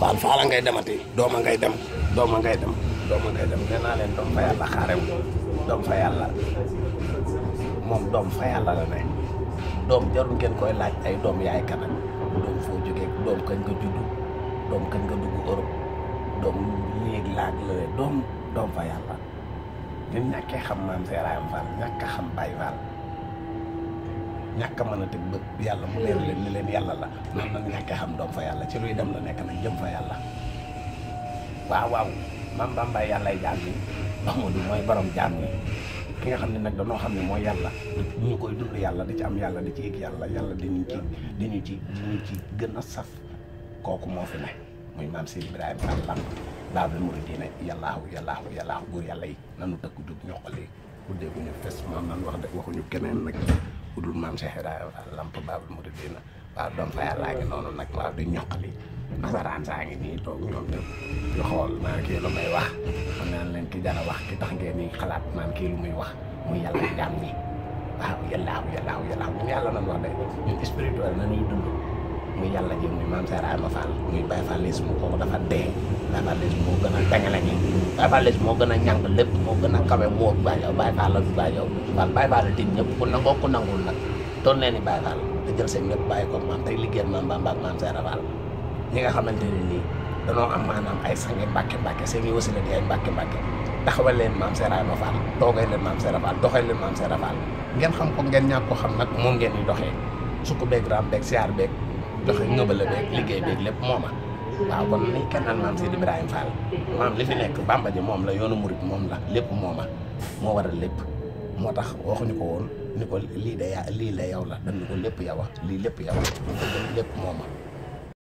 faal faala ngay demati dooma ngay dem dooma ngay dem dooma ngay dem nee leen doom fa yàlla xaarew doom fa yàlla moom doom fa yàlla la ne doom jarul ngeen koy laaj ay doom yaay kanam doom foo jógee doom kañ nga juddu doom kañ nga dugg Europe doom léegi laaj la ne doom doom fa yàlla ñun ñàkkee xam maam seeraayam faal ñàkk xam baay faal ñàkk a mën a teg bët yàlla mu leer leen yàlla la noonu nag ñàkkee xam doom fa yàlla ci luy dem la nekk nag jëm fa yàlla waaw waaw maam Bamba yàllay jaam yi Mamadu mooy borom jaam yi ki nga xam ne nag danoo xam ne mooy yàlla ñu koy dund yàlla di ci am yàlla di ci yëg yàlla yàlla dañu ci dañu ci ci gën a saf kooku moo fi ne muy maam Sidi Ibrahima Fall Lamp Baabul Muridiina yàllaahu yàllaahu yàllaahu góor yàlla yi nanu dëkk jóg ñoqale yi wax de waxuñu ku dul maam Cheikh Ibrahima Fall lamp Baabul Muridiina waaw doom fa yàllaa ngi noonu nag waaw di ñoqali nasaraan saa ngi nii toog ñoom ñëpp di xool naan kii lu may wax leen ki dana wax ki tax ngeen ni xalaat naan kii lu muy wax muy yàlla jaam ñi waaw yàllaaw yàllaaw yàllaaw nan wax day muy yàlla ji muy maam Seex Ibra Faal muy Baay Faalisme kooku dafa dee Baay Faalisme moo gën a tàngale ñi Baay Faalisme moo gën a ñàng lépp moo gën a kawe moo Baay Faal Baay Faal Baay Faal Baay Faal tiit ñëpp ku nangoo ku nangul nag doon nee ni Baay Faal te jël seen ñëpp bàyyi ko maam tey liggéeyal maam Bamba ak maam Seex Ibra Faal ñi nga xamante ne nii danoo am maanaam ay sangi mbàkke mbàkke seen i wasila di ay mbàkke mbàkke taxawal leen maam Seex Ibra Faal toogay leen maam Seex Ibra Faal doxee leen maam Seex Ibra Faal ngeen xam ko ngeen ñàkk ko xam nag moom ngeen di doxee sukk beeg raam beeg siyaar beeg dox ngëbala beeg liggéey beeg lépp mooma waaw kon liñ kenn naan maam Sidi Ibrahima Fall maam li fi nekk Bamba ji moom la yoonu murit moom la lépp mooma moo waral lépp moo tax waxuñu ko woon ni ko lii de lii de yow la dañu ko lépp yow wax lii lépp yow a lépp mooma